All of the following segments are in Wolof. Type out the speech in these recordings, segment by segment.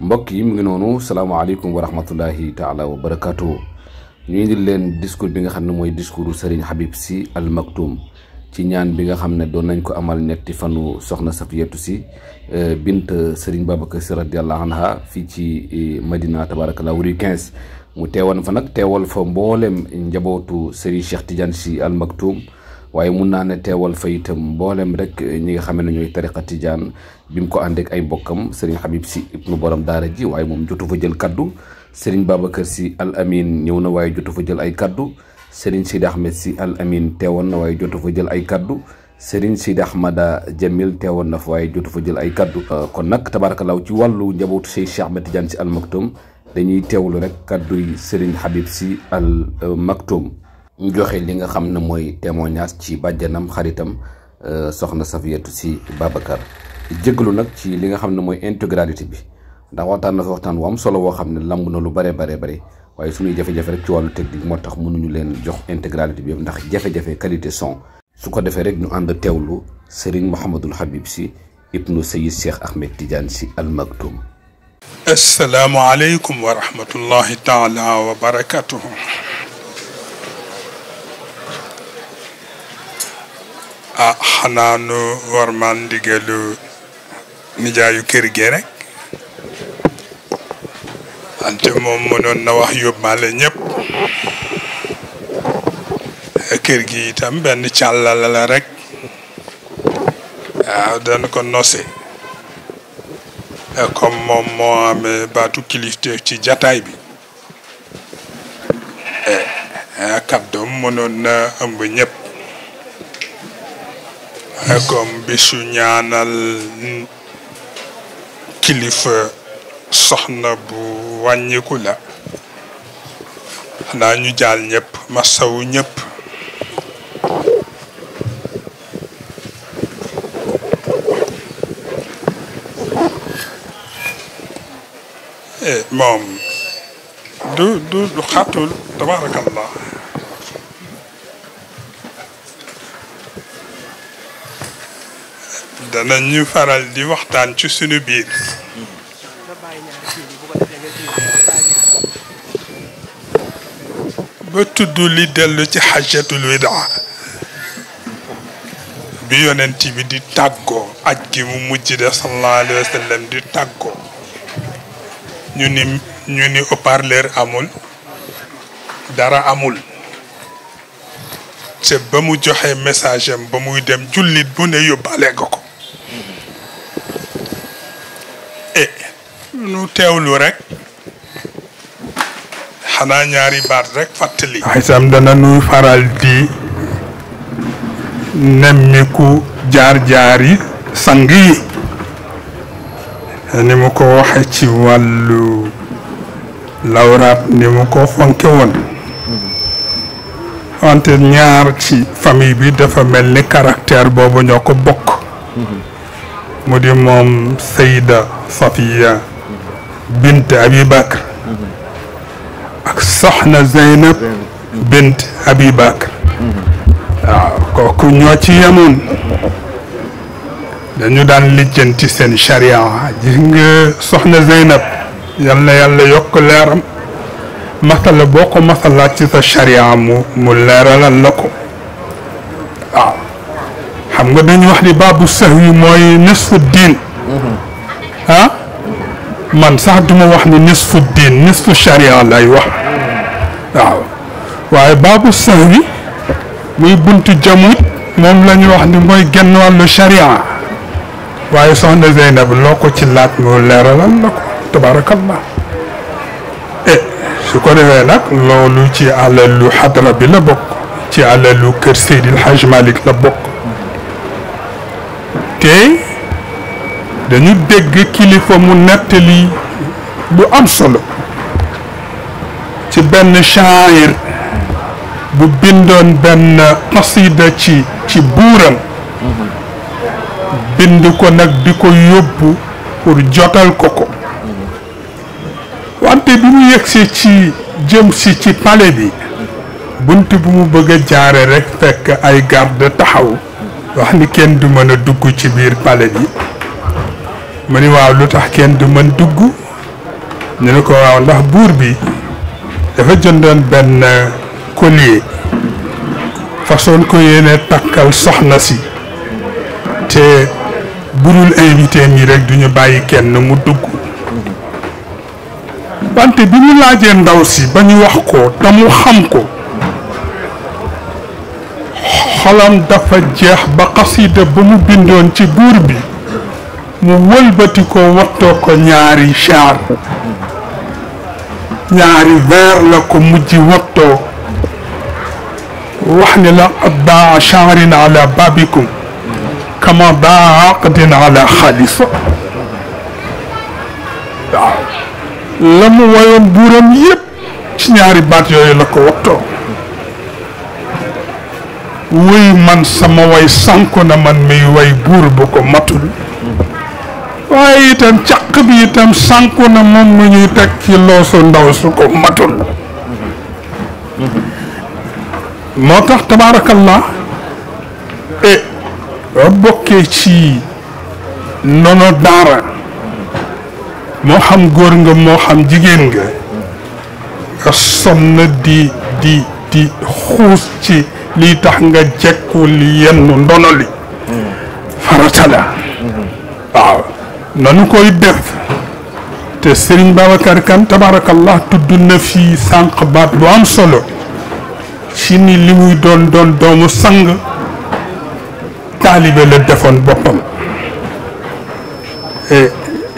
mbokk yi mu ngi noonu alaykum wa rahmatullahi taala wa barakaatu ñu indil leen discours bi nga xam ne mooy Serigne Habib si Al Maktoum ci ñaan bi nga xam ne doon nañ ko amal ñetti fanu soxna Safiyatu si bint Serigne Babacar Sy radiyallahu anha fii ci Madina tabarakallah wuri 15 mu teewoon fa nag teewal fa mboolem njabootu Serigne Cheikh Tidiane si Al Maktoum waye mën na ne teewal fa itam mbolem rek ñi nga xam ñoy tariqa tidiane bim ko andé ak ay bokkam Serigne Habib si ibnu borom daara ji waye mom jottu fa jël kaddu Serigne Babacar si al amin ñëw na waye jottu fa jël ay kaddu Serigne sid Ahmed si al amin téwon na waye jottu fa jël ay kaddu. Serigne sid Ahmada Jamil téwon na fa waye jottu fa jël ay kaddu. kon nak tabarakallah ci walu njabootu Sey Cheikh Ahmed Tidiane si al Maktoum dañuy téwlu rek kaddu Serigne Habib si al Maktoum. ñu joxe li nga xamne moy témoignage ci bàjjanam xaritam soxna safiyatu ci babakar jéglu nak ci li nga xamne moy intégralité bi ndax waxtan na waxtan wam solo wo xamne lamb na lu bare bare bare waye suñu jafe jafe-jafe rek ci walu technique motax mënu ñu leen jox intégralité bi ndax jafe-jafe qualité son su ko défé rek ñu ànd tewlu Serigne Mouhamadul Habib ci ibnu Sayyid Cheikh Ahmed Tidiane ci Al Maktoum السلام عليكم ورحمه الله تعالى وبركاته ah xanaa nu war man ndigalu nijaayu kër gi rek ante moom mënoon na wax yóbbaale ñëpp kër gi itam benn càllala rekk rek waaw dana ko nose comme moom moo amee baatu kilifteef ci jataay bi eh, eh, kàddoom mënoon na ëmb ñëpp أكم بسنيان الكليف صحنا بواني كولا أنا نجال نيب مساو نيب مام دو دو دو خاتل تبارك الله dana ñu faral di waxtaan ci suñu biir ba tudd li dellu ci xajatul widaa bi yonent bi di tàggoo ak gi mu mujj de di tàggoo ñu ni amul dara amul te ba mu joxe message ba muy dem jullit bu ne yóbbaale nga ko ñu teewlu rek xanaa ñaari baat rekk fàttali. itam dana nuy faral di nemmiku jaar-jaar yi sang yi. ni mu ko waxe ci wàllu lawraat ko fonke woon wante ñaar ci bi dafa mel ni caractère boobu ñoko bokk mm-hmm. mu di moom Sayda Safiya bint abi bakr ak soxna zeynab bint abi bakr kooku ñoo ci yemoon dañu daan lijjanti seen charia gis nga soxna zeynab yal na yàlla yokk leeram masala boo ko masalaat ci sa charia mu mu leeralal la ko waaw xam nga dañu wax ni baabu sahwi mooy nisfu من سعدم وحن نصف الدين نصف الشريعة لا يوح نعم وعباب السهوي مي بنت جمود مم لن يوحن موي جنوى الشريعة وعي صحن زينب لوكو تلات مولير لنكو تبارك الله إيه شكرا لك لو لوتي على لو حضر بلا بوك تي على لو كرسي الحاج مالك لبوك تي dañu dégg kilifa mu nettali lu am solo ci benn shaayir bu bindoon benn qasida ci ci buuram bind ko nag di ko yóbbu pour jotal ko ko wante bi mu yegsi ci jëm si ci palais bi bunt bu mu bëgg jaare rekk fekk ay garde taxaw wax ni kenn du mën a dugg ci biir pale bi mani waaw lu tax kenn du mën dugg ne ko waaw ndax buur bi dafa jëndoon benn collier façon ko yéene takkal soxna si te burul invité mi rek duñu bàyyi kenn mu dugg wante bi ñu laajee ndaw si ba ñu wax ko te mu xam ko xolam dafa jeex ba bu mu bindoon ci buur bi mu wëlbati ko wattoo ko ñaari char ñaari vers la ko mujj wattoo wax ni la qad baa chaarin ala babikum kama baa aqdin ala xaalis la mu wayoon buuram yépp ci ñaari baat yooyu la ko wattoo wuy man sama way sànku na man mi way buur bu ko matul waaye itam caq bi itam sànku na moom mu ñuy teg ci loosu ndaw su ko matul moo tax tabaarakallah e boo bokkee ci nono daara moo xam góor nga moo xam jigéen nga nga sonn di di di xuus ci lii tax nga jekku li yenn ndono li mm. farata la mm-hmm. nanu koy def te Serigne Babacar Kane tabarakallah tudd na fi sànq baat bu am solo ci ni li muy doon doon doomu sang taalibe la defoon boppam et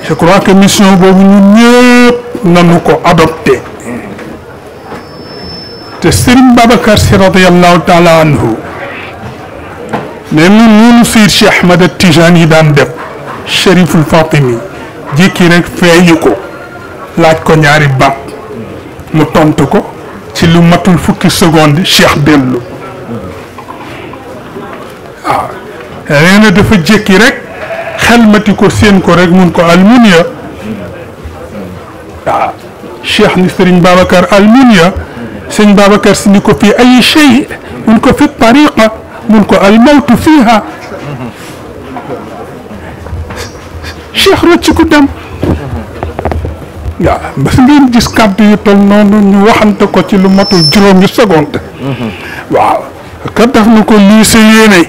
je crois que mission boobu ñun ñëpp nanu ko adopté te Serigne Babacar Sy radiyallahu taala anhu mais nun nunu fiir Cheikh Ahmad Tijaan yi daan def Chériful Fatimi jékki rek feeñu ko laaj ko ñaari baat mu tontu ko ci lu matul fukki seconde Cheikh dellu waaw ah, nee na dafa jékki rek xelmati ko séen ko rek mun ko almunia waaw ah, Cheikh ni Sëriñ Babacar almunia Sëriñ Babacar si ni ko fii ay chey mun ko fi tariqa mun ko almawtu fiiha cheikh rocc ku dem waaw bas ngeen gis kàddu yu toll noonu ñu waxante ko ci lu matul juróomi seconde waaw ka def na ko lii sa yéene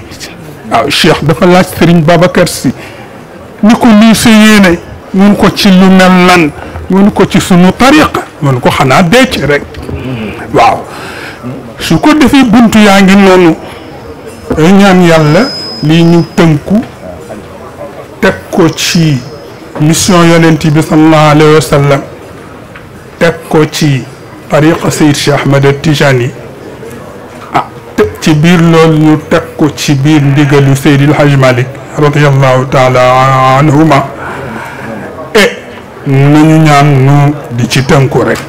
waaw ah, cheikh dafa laaj sëriñ Babacar si ni ko lii sa yéene mun ko ci lu mel lan mun ko ci sunu tariqa mun ko xanaa deec rek waaw su ko defee buntu yaa ngi noonu ñaan yàlla lii ñu tënku teg ko ci mission yonent bi sallallahu alayhi wa teg ko ci tariqa Seyd Cheikh Ahmed Tijani ah ci biir loolu ñu teg ko ci biir ndigalu Seydil Hajj Malik radiallahu taala anhuma e nañu ñaan nu di ci tënku rekk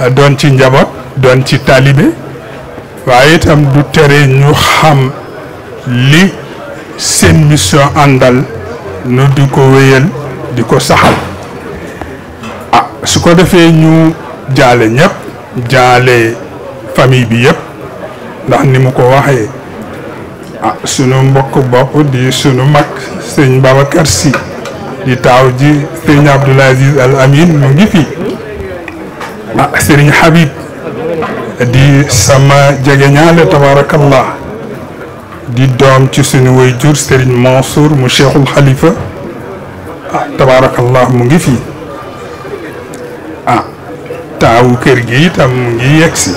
ah, doon ci njaboot doon ci taalibe waaye itam du tere ñu xam li seen mission àndal nu di ko wéyal di ko saxal ah su ko defee ñu jaale ñëpp jaale famille bi yëpp ndax ni mu ko waxee ah sunu mbokk bopp di sunu mag sëñ babacar si di taaw ji sëñ abdoulaziz al amin mu ngi fi ah sëriñ habib di sama jegeñaale tabarakallah di doom ci suñu way jur Serigne Mansour mu cheikhul xalifa ah tabaarakallah mu ngi fii ah taawu kër gi itam mu ngi yegsi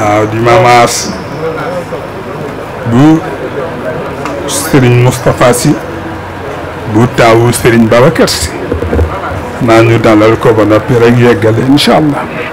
waaw di mamaas bu Serigne Moustapha Sy bu taawu Serigne Babacar Sy naa ñu dalal ko ba noppi rek yeggale incha allah